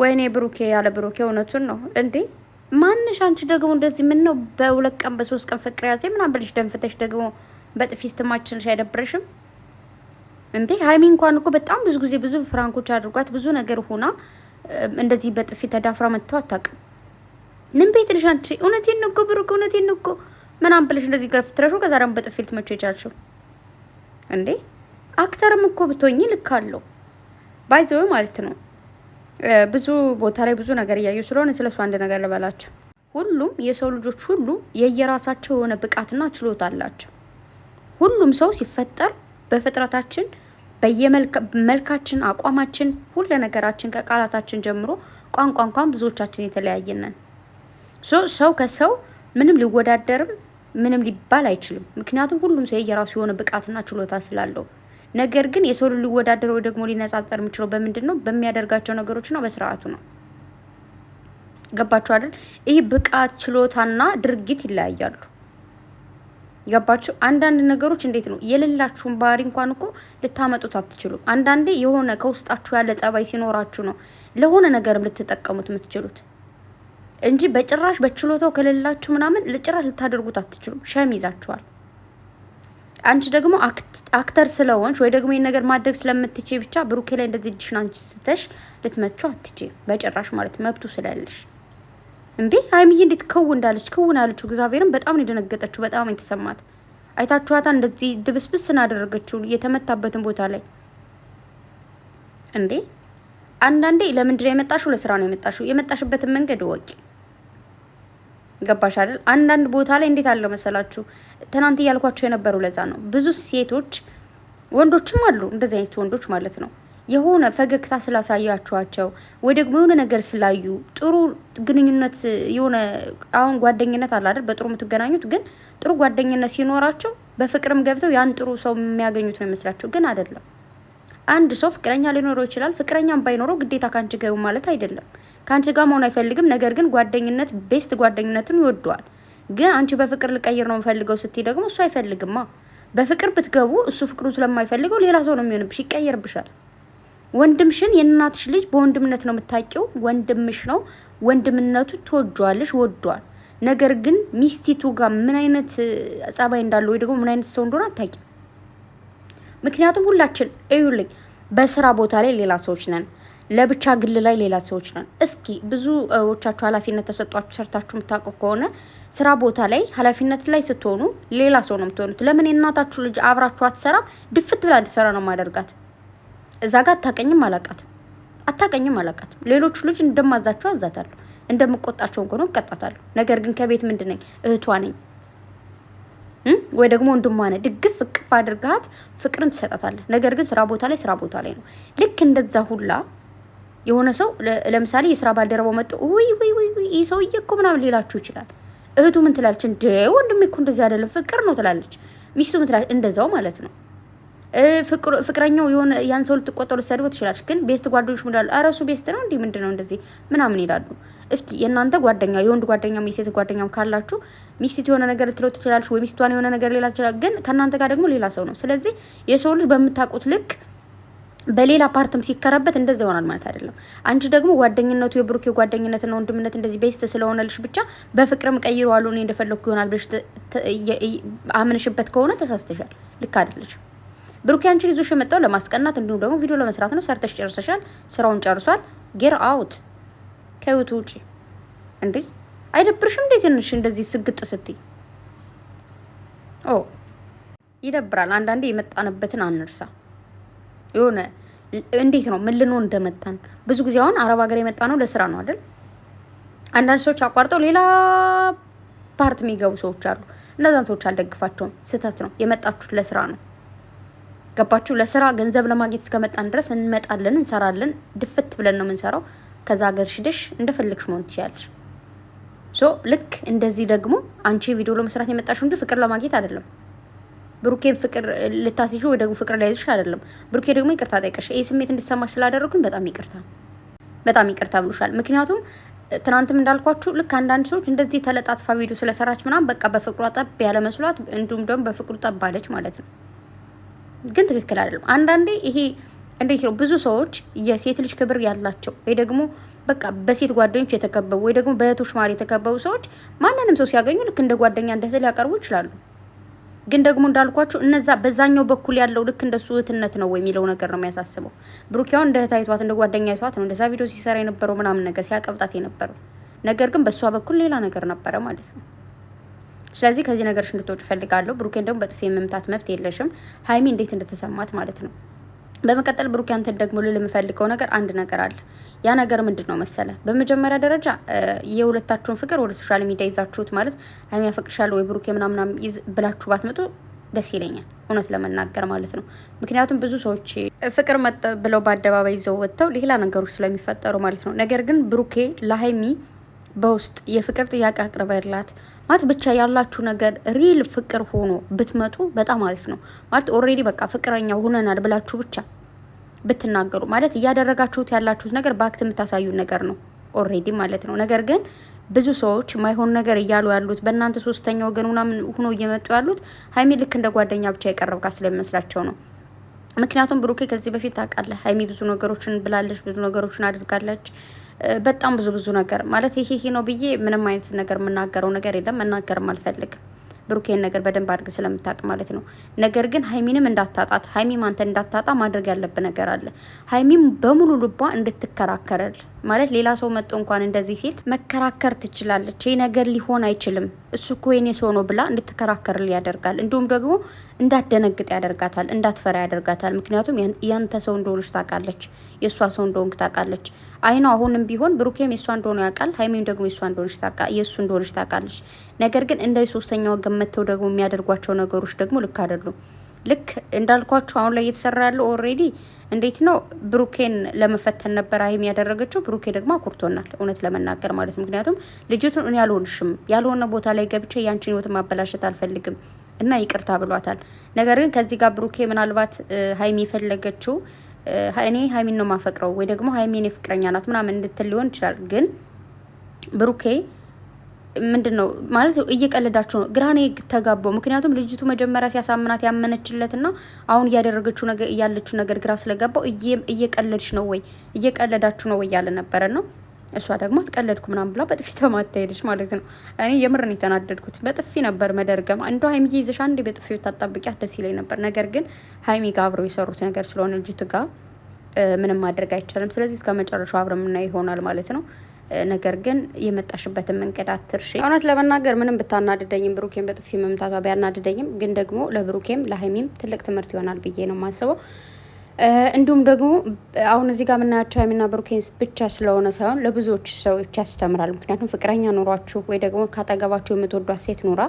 ወይኔ ብሩኬ ያለ ብሩኬ እውነቱን ነው እንዴ? ማንሽ አንቺ ደግሞ እንደዚህ ምን ነው በሁለት ቀን በሶስት ቀን ፍቅር ያዜ ምናምን ብልሽ ደንፍተሽ ደግሞ በጥፊስ ትማችንሽ አይደብረሽም እንዴ? ሀይሚ እንኳን እኮ በጣም ብዙ ጊዜ ብዙ ፍራንኮች አድርጓት ብዙ ነገር ሆና እንደዚህ በጥፊ ተዳፍራ መጥቶ አታውቅም። ምን ቤት ልሽ አንቺ እውነቴን እኮ ብሩክ እውነቴን እኮ ምናምን ብልሽ እንደዚህ ገፍትረሹ ከዛ ደግሞ በጥፊ ልትመቸው የቻልሽው እንዴ? አክተርም እኮ ብትሆኚ ልክ ባይዘወ ማለት ነው ብዙ ቦታ ላይ ብዙ ነገር እያየሁ ስለሆነ ስለሱ አንድ ነገር ልበላቸው። ሁሉም የሰው ልጆች ሁሉ የየራሳቸው የሆነ ብቃትና ችሎታ አላቸው። ሁሉም ሰው ሲፈጠር በፍጥረታችን በየመልካችን፣ አቋማችን፣ ሁለ ነገራችን ከቃላታችን ጀምሮ ቋንቋ እንኳን ብዙዎቻችን የተለያየነን። ሰው ከሰው ምንም ሊወዳደርም ምንም ሊባል አይችልም። ምክንያቱም ሁሉም ሰው የየራሱ የሆነ ብቃትና ችሎታ ስላለው ነገር ግን የሰው ልጅ ሊወዳደር ወይ ደግሞ ሊነጻጸር የሚችለው በምንድን ነው? በሚያደርጋቸው ነገሮች ነው፣ በስርዓቱ ነው። ገባችሁ አይደል? ይህ ብቃት ችሎታና ድርጊት ይለያያሉ። ገባችሁ? አንዳንድ ነገሮች እንዴት ነው የሌላችሁን ባህሪ እንኳን እኮ ልታመጡት አትችሉም። አንዳንዴ የሆነ ከውስጣችሁ ያለ ጸባይ ሲኖራችሁ ነው ለሆነ ነገርም ልትጠቀሙት የምትችሉት እንጂ በጭራሽ በችሎታው ከሌላችሁ ምናምን ለጭራሽ ልታደርጉት አትችሉም። ሸም ይዛችኋል። አንቺ ደግሞ አክተር ስለሆንሽ ወይ ደግሞ ይህን ነገር ማድረግ ስለምትች ብቻ ብሩኬ ላይ እንደዚህ እጅሽን አንቺ ስተሽ ልትመቹ አትች በጭራሽ ማለት መብቱ ስላለሽ እንዴ ሀይሚዬ እንዴት ከው እንዳለች ከውን አለችው። እግዚአብሔርን በጣም ነው የደነገጠችው። በጣም የተሰማት አይታችኋታ። እንደዚህ ድብስብስ ናደረገችው የተመታበትን ቦታ ላይ እንዴ አንዳንዴ ለምንድነው ነው የመጣሽው? ለስራ ነው የመጣሽው። የመጣሽበትን መንገድ ወቂ። ገባሽ አይደል? አንዳንድ ቦታ ላይ እንዴት አለው መሰላችሁ፣ ትናንት እያልኳቸው የነበረው ለዛ ነው። ብዙ ሴቶች ወንዶችም አሉ እንደዚህ አይነት ወንዶች ማለት ነው የሆነ ፈገግታ ስላሳያችኋቸው ወይ ደግሞ የሆነ ነገር ስላዩ ጥሩ ግንኙነት የሆነ አሁን ጓደኝነት አለ አይደል? በጥሩ የምትገናኙት ግን ጥሩ ጓደኝነት ሲኖራቸው በፍቅርም ገብተው ያን ጥሩ ሰው የሚያገኙት ነው ይመስላቸው፣ ግን አይደለም። አንድ ሰው ፍቅረኛ ሊኖረው ይችላል። ፍቅረኛም ባይኖረው ግዴታ ከአንቺ ይሁን ማለት አይደለም። ከአንቺ ጋር መሆን አይፈልግም። ነገር ግን ጓደኝነት ቤስት ጓደኝነትን ይወደዋል። ግን አንቺ በፍቅር ልቀይር ነው የምፈልገው ስትይ ደግሞ እሱ አይፈልግማ። በፍቅር ብትገቡ እሱ ፍቅሩ ስለማይፈልገው ሌላ ሰው ነው የሚሆንብሽ፣ ይቀየርብሻል። ወንድምሽን የእናትሽ ልጅ በወንድምነት ነው የምታውቂው። ወንድምሽ ነው፣ ወንድምነቱ ትወጇዋለሽ፣ ወዷል። ነገር ግን ሚስቲቱ ጋር ምን አይነት ጸባይ እንዳለው ወይ ደግሞ ምን አይነት ሰው እንደሆነ አታውቂም። ምክንያቱም ሁላችን እዩልኝ፣ በስራ ቦታ ላይ ሌላ ሰዎች ነን፣ ለብቻ ግል ላይ ሌላ ሰዎች ነን። እስኪ ብዙዎቻችሁ ኃላፊነት ተሰጧችሁ ሰርታችሁ የምታውቀው ከሆነ ስራ ቦታ ላይ ኃላፊነት ላይ ስትሆኑ ሌላ ሰው ነው የምትሆኑት። ለምን የእናታችሁ ልጅ አብራችሁ አትሰራም? ድፍት ብላ እንዲሰራ ነው ማደርጋት። እዛ ጋር አታቀኝም አላቃት አታቀኝም አላቃት። ሌሎቹ ልጅ እንደማዛቸው አዛታለሁ፣ እንደምቆጣቸውን ከሆነ እቀጣታለሁ። ነገር ግን ከቤት ምንድን ነኝ? እህቷ ነኝ። ወይ ደግሞ ወንድሟ ነህ ድግፍ እቅፍ አድርጋት ፍቅርን ትሰጣታለህ። ነገር ግን ስራ ቦታ ላይ ስራ ቦታ ላይ ነው። ልክ እንደዛ ሁላ የሆነ ሰው ለምሳሌ የስራ ባልደረባው መጡ፣ ውይ ውይ ውይ ይህ ሰውዬ እኮ ምናምን ሌላችሁ ይችላል። እህቱ ምን ትላለች? እንደ ወንድሜ እኮ እንደዚህ አይደለም ፍቅር ነው ትላለች። ሚስቱ ምን ትላለች? እንደዛው ማለት ነው። ፍቅረኛው የሆነ ያን ሰው ልትቆጠው ልትሰድበው ትችላለች። ግን ቤስት ጓደኞች ምን ኧረ እሱ ቤስት ነው እንዲህ ምንድን ነው እንደዚህ ምናምን ይላሉ። እስኪ የእናንተ ጓደኛ የወንድ ጓደኛ የሴት ጓደኛም ካላችሁ ሚስቲቱ የሆነ ነገር ልትለው ትችላለች፣ ወይ ሚስቷን የሆነ ነገር ሌላ ትችላል። ግን ከእናንተ ጋር ደግሞ ሌላ ሰው ነው። ስለዚህ የሰው ልጅ በምታውቁት ልክ በሌላ ፓርትም ሲከራበት እንደዛ ይሆናል ማለት አይደለም። አንቺ ደግሞ ጓደኝነቱ የብሩክ ጓደኝነትና ወንድምነት እንደዚህ ቤስት ስለሆነልሽ ብቻ በፍቅርም ቀይረዋሉ እኔ እንደፈለግኩ ይሆናል ብለሽ አምንሽበት ከሆነ ተሳስተሻል፣ ልክ አይደለሽ። ብሩክ ያንቺን ይዞሽ የመጣው ለማስቀናት እንዲሁም ደግሞ ቪዲዮ ለመስራት ነው። ሰርተሽ ጨርሰሻል፣ ስራውን ጨርሷል። ጌር አውት ከህይወቱ ውጪ እንዴ አይደብርሽም እንዴ ትንሽ እንደዚህ ስግጥ ስትይ ኦ ይደብራል አንዳንዴ የመጣንበትን አንርሳ የሆነ እንዴት ነው ምን ልንሆን እንደመጣን ብዙ ጊዜ አሁን አረብ ሀገር የመጣ ነው ለስራ ነው አይደል አንዳንድ ሰዎች አቋርጠው ሌላ ፓርት የሚገቡ ሰዎች አሉ እነዛን ሰዎች አልደግፋቸውም ስህተት ነው የመጣችሁት ለስራ ነው ገባችሁ ለስራ ገንዘብ ለማግኘት እስከመጣን ድረስ እንመጣለን እንሰራለን ድፍት ብለን ነው የምንሰራው ከዛ ሀገር ሽደሽ እንደፈለግሽ መሆን ትችላለሽ። ሶ ልክ እንደዚህ ደግሞ አንቺ ቪዲዮ ለመስራት የመጣሽው እንጂ ፍቅር ለማግኘት አይደለም። ብሩኬን ፍቅር ልታስይዥ ወይ ደግሞ ፍቅር ላይዝሽ አይደለም። ብሩኬ ደግሞ ይቅርታ ጠይቀሽ ይህ ስሜት እንዲሰማሽ ስላደረግኩኝ በጣም ይቅርታ በጣም ይቅርታ ብሎሻል። ምክንያቱም ትናንትም እንዳልኳችሁ ልክ አንዳንድ ሰዎች እንደዚህ ተለጣጥፋ ቪዲዮ ስለሰራች ምናምን በቃ በፍቅሯ ጠብ ያለ መስሏት እንዲሁም ደግሞ በፍቅሩ ጠብ አለች ማለት ነው። ግን ትክክል አይደለም። አንዳንዴ ይሄ እንዴት ነው ብዙ ሰዎች የሴት ልጅ ክብር ያላቸው ወይ ደግሞ በቃ በሴት ጓደኞች የተከበቡ ወይ ደግሞ በእህቶች መሀል የተከበቡ ሰዎች ማንንም ሰው ሲያገኙ ልክ እንደ ጓደኛ እንደ እህት ሊያቀርቡ ይችላሉ። ግን ደግሞ እንዳልኳቸው እነዛ በዛኛው በኩል ያለው ልክ እንደሱ እህትነት ነው የሚለው ነገር ነው የሚያሳስበው። ብሩክ እንደ እህት አይቷት እንደ ጓደኛ አይቷት ነው እንደዛ ቪዲዮ ሲሰራ የነበረው ምናምን ነገር ሲያቀብጣት የነበረው ነገር ግን በእሷ በኩል ሌላ ነገር ነበረ ማለት ነው። ስለዚህ ከዚህ ነገር እንድትወጪ እፈልጋለሁ። ብሩኬን ደግሞ በጥፊ የመምታት መብት የለሽም። ሀይሚ እንዴት እንደተሰማት ማለት ነው በመቀጠል ብሩክ ያንተን ደግሞ ልል የምፈልገው ነገር አንድ ነገር አለ። ያ ነገር ምንድን ነው መሰለ? በመጀመሪያ ደረጃ የሁለታችሁን ፍቅር ወደ ሶሻል ሚዲያ ይዛችሁት ማለት ሀይሚ ያፈቅርሻል ወይ ብሩክ ምናምናም ብላችሁ ባትመጡ ደስ ይለኛል፣ እውነት ለመናገር ማለት ነው። ምክንያቱም ብዙ ሰዎች ፍቅር መጥ ብለው በአደባባይ ይዘው ወጥተው ሌላ ነገሮች ስለሚፈጠሩ ማለት ነው። ነገር ግን ብሩኬ ለሀይሚ በውስጥ የፍቅር ጥያቄ አቅርበላት ማለት ብቻ ያላችሁ ነገር ሪል ፍቅር ሆኖ ብትመጡ በጣም አሪፍ ነው። ማለት ኦልሬዲ በቃ ፍቅረኛ ሆነናል ብላችሁ ብቻ ብትናገሩ ማለት እያደረጋችሁት ያላችሁት ነገር በአክት የምታሳዩ ነገር ነው ኦልሬዲ ማለት ነው። ነገር ግን ብዙ ሰዎች ማይሆን ነገር እያሉ ያሉት በእናንተ ሶስተኛ ወገን ምናምን ሆኖ እየመጡ ያሉት ሀይሚ ልክ እንደ ጓደኛ ብቻ የቀረብካ ስለሚመስላቸው ነው። ምክንያቱም ብሩኬ ከዚህ በፊት ታውቃለህ፣ ሀይሚ ብዙ ነገሮችን ብላለች፣ ብዙ ነገሮችን አድርጋለች። በጣም ብዙ ብዙ ነገር ማለት ይሄ ይሄ ነው ብዬ ምንም አይነት ነገር የምናገረው ነገር የለም፣ መናገርም አልፈልግም። ብሩኬን ነገር በደንብ አድርግ ስለምታቅ ማለት ነው። ነገር ግን ሀይሚንም እንዳታጣት ሀይሚም አንተን እንዳታጣ ማድረግ ያለብህ ነገር አለ። ሀይሚም በሙሉ ልቧ እንድትከራከረል ማለት ሌላ ሰው መጥቶ እንኳን እንደዚህ ሲል መከራከር ትችላለች። ይህ ነገር ሊሆን አይችልም፣ እሱ እኮ የኔ ሰው ነው ብላ እንድትከራከርል ያደርጋል። እንዲሁም ደግሞ እንዳትደነግጥ ያደርጋታል፣ እንዳትፈራ ያደርጋታል። ምክንያቱም ያንተ ሰው እንደሆነች ታውቃለች፣ የእሷ ሰው እንደሆንክ ታውቃለች። አይኗ አሁንም ቢሆን ብሩኬም የእሷ እንደሆነ ያውቃል፣ ሀይሜም ደግሞ የእሷ እንደሆነች የእሱ እንደሆነች ታውቃለች። ነገር ግን እንደ ሶስተኛ ወገን መጥተው ደግሞ የሚያደርጓቸው ነገሮች ደግሞ ልክ አይደሉም። ልክ እንዳልኳችሁ አሁን ላይ እየተሰራ ያለው ኦልሬዲ እንዴት ነው ብሩኬን ለመፈተን ነበር ሀይሚ ያደረገችው። ብሩኬ ደግሞ አኩርቶናል፣ እውነት ለመናገር ማለት ምክንያቱም ልጅቱን እኔ ያልሆንሽም ያልሆነ ቦታ ላይ ገብቼ ያንቺን ህይወት ማበላሸት አልፈልግም እና ይቅርታ ብሏታል። ነገር ግን ከዚህ ጋር ብሩኬ ምናልባት ሀይሚ የፈለገችው እኔ ሀይሚን ነው ማፈቅረው ወይ ደግሞ ሀይሚ እኔ ፍቅረኛ ናት ምናምን እንድትል ሊሆን ይችላል ግን ብሩኬ ምንድን ነው ማለት እየቀለዳቸው ነው። ግራ ነው ተጋባው። ምክንያቱም ልጅቱ መጀመሪያ ሲያሳምናት ያመነችለትና አሁን እያደረገችው ነገር ያለችው ነገር ግራ ስለገባው እየቀለድሽ ነው ወይ እየቀለዳችሁ ነው ወይ ያለ ነበረ ነው። እሷ ደግሞ አልቀለድኩ ምናምን ብላ በጥፊ ተማታሄደች ማለት ነው። እኔ የምርን የተናደድኩት በጥፊ ነበር መደርገም። እንደ ሀይሚዬ ይዘሽ አንዴ በጥፊ ብታጣብቂያት ደስ ይለኝ ነበር። ነገር ግን ሀይሚ ጋ አብረው የሰሩት ነገር ስለሆነ ልጅቱ ጋር ምንም ማድረግ አይቻልም። ስለዚህ እስከ መጨረሻው አብረ ምና ይሆናል ማለት ነው። ነገር ግን የመጣሽበትን መንገድ አትርሺ። እውነት ለመናገር ምንም ብታናድደኝም ብሩኬም በጥፊ መምታቷ ቢያናድደኝም ግን ደግሞ ለብሩኬም ለሀይሚም ትልቅ ትምህርት ይሆናል ብዬ ነው የማስበው። እንዲሁም ደግሞ አሁን እዚህ ጋር የምናያቸው ሀይሚና ብሩኬንስ ብቻ ስለሆነ ሳይሆን ለብዙዎች ሰዎች ያስተምራል። ምክንያቱም ፍቅረኛ ኑሯችሁ ወይ ደግሞ ካጠገባችሁ የምትወዷት ሴት ኑራ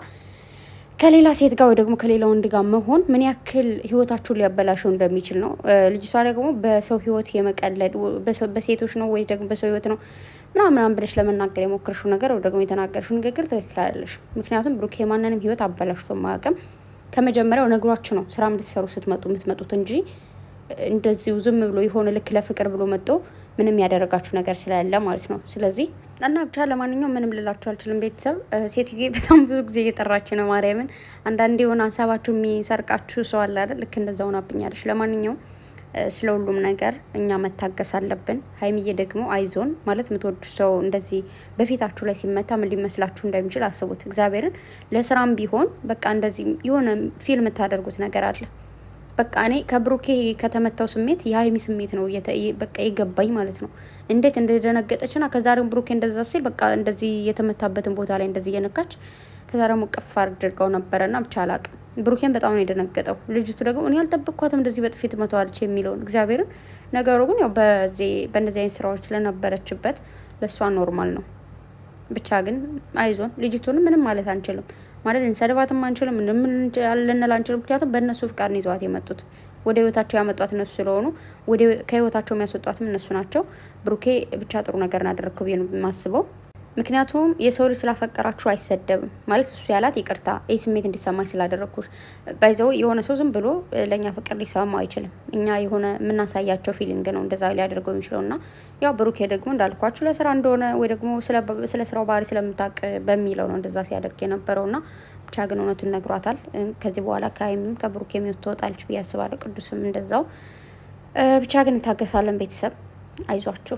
ከሌላ ሴት ጋር ወይ ደግሞ ከሌላ ወንድ ጋር መሆን ምን ያክል ህይወታችሁን ሊያበላሸው እንደሚችል ነው። ልጅቷ ደግሞ በሰው ህይወት የመቀለድ በሴቶች ነው ወይ ደግሞ በሰው ህይወት ነው ምናምናም ብለሽ ለመናገር የሞከርሽው ነገር ወይ ደግሞ የተናገርሽው ንግግር ትክክል አይደለሽ። ምክንያቱም ብሩክ የማንንም ህይወት አበላሽቶ ማያውቅም። ከመጀመሪያው ነግሯችሁ ነው ስራም ልትሰሩ ስትመጡ የምትመጡት እንጂ እንደዚሁ ዝም ብሎ የሆነ ልክ ለፍቅር ብሎ መጦ ምንም ያደረጋችሁ ነገር ስለሌለ ማለት ነው። ስለዚህ እና ብቻ ለማንኛውም ምንም ልላችሁ አልችልም። ቤተሰብ ሴትዬ በጣም ብዙ ጊዜ እየጠራች ነው ማርያምን። አንዳንዴ የሆነ ሀሳባችሁ የሚሰርቃችሁ ሰው አለ አይደል? ልክ እንደዛ ሆናብኛለች። ለማንኛውም ስለ ሁሉም ነገር እኛ መታገስ አለብን። ሀይሚዬ ደግሞ አይዞን ማለት የምትወዱ ሰው እንደዚህ በፊታችሁ ላይ ሲመታ ምን ሊመስላችሁ እንደሚችል አስቡት። እግዚአብሔርን ለስራም ቢሆን በቃ እንደዚህ የሆነ ፊልም የምታደርጉት ነገር አለ። በቃ እኔ ከብሩኬ ከተመታው ስሜት የሀይሚ ስሜት ነው በቃ የገባኝ ማለት ነው። እንዴት እንደደነገጠችና ከዛ ብሩኬ እንደዛ ሲል በቃ እንደዚህ የተመታበትን ቦታ ላይ እንደዚህ እየነካች ከዛ ደግሞ ቅፍ አድርገው ና ብቻ አላቅም። ብሩኬን በጣም ነው የደነገጠው። ልጅቱ ደግሞ እኔ ያልጠበቅኳትም እንደዚህ በጥፊ ትመታዋለች የሚለውን እግዚአብሔርን። ነገሩ ግን ያው በእነዚህ አይነት ስራዎች ስለነበረችበት ለእሷ ኖርማል ነው። ብቻ ግን አይዞን፣ ልጅቱንም ምንም ማለት አንችልም፣ ማለት እንሰድባትም አንችልም፣ ልንል አንችልም። ምክንያቱም በእነሱ ፍቃድ ነው ይዘዋት የመጡት። ወደ ህይወታቸው ያመጧት እነሱ ስለሆኑ ከህይወታቸው የሚያስወጧትም እነሱ ናቸው። ብሩኬ ብቻ ጥሩ ነገር አደረግኩ ብዬ ነው የማስበው። ምክንያቱም የሰው ልጅ ስላፈቀራችሁ አይሰደብም ማለት እሱ ያላት ይቅርታ፣ ይህ ስሜት እንዲሰማኝ ስላደረግኩሽ ባይዘው የሆነ ሰው ዝም ብሎ ለእኛ ፍቅር ሊሰማው አይችልም። እኛ የሆነ የምናሳያቸው ፊሊንግ ነው እንደዛ ሊያደርገው የሚችለው እና ያው ብሩኬ ደግሞ እንዳልኳችሁ ለስራ እንደሆነ ወይ ደግሞ ስለ ስራው ባህሪ ስለምታውቅ በሚለው ነው እንደዛ ሲያደርግ የነበረው እና ብቻ ግን እውነቱን ነግሯታል። ከዚህ በኋላ ከሀይሚም ከብሩኬ የሚወት ትወጣለች ብዬ አስባለሁ። ቅዱስም እንደዛው ብቻ ግን እንታገሳለን። ቤተሰብ አይዟችሁ።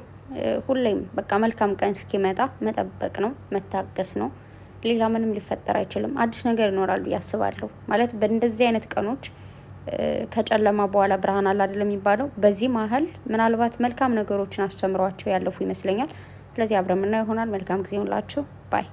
ሁሌም በቃ መልካም ቀን እስኪመጣ መጠበቅ ነው፣ መታገስ ነው። ሌላ ምንም ሊፈጠር አይችልም። አዲስ ነገር ይኖራሉ ብዬ አስባለሁ። ማለት በእንደዚህ አይነት ቀኖች ከጨለማ በኋላ ብርሃን አለ አይደለም የሚባለው። በዚህ መሀል ምናልባት መልካም ነገሮችን አስተምሯቸው ያለፉ ይመስለኛል። ስለዚህ አብረምና ይሆናል። መልካም ጊዜ ይሁንላችሁ ባይ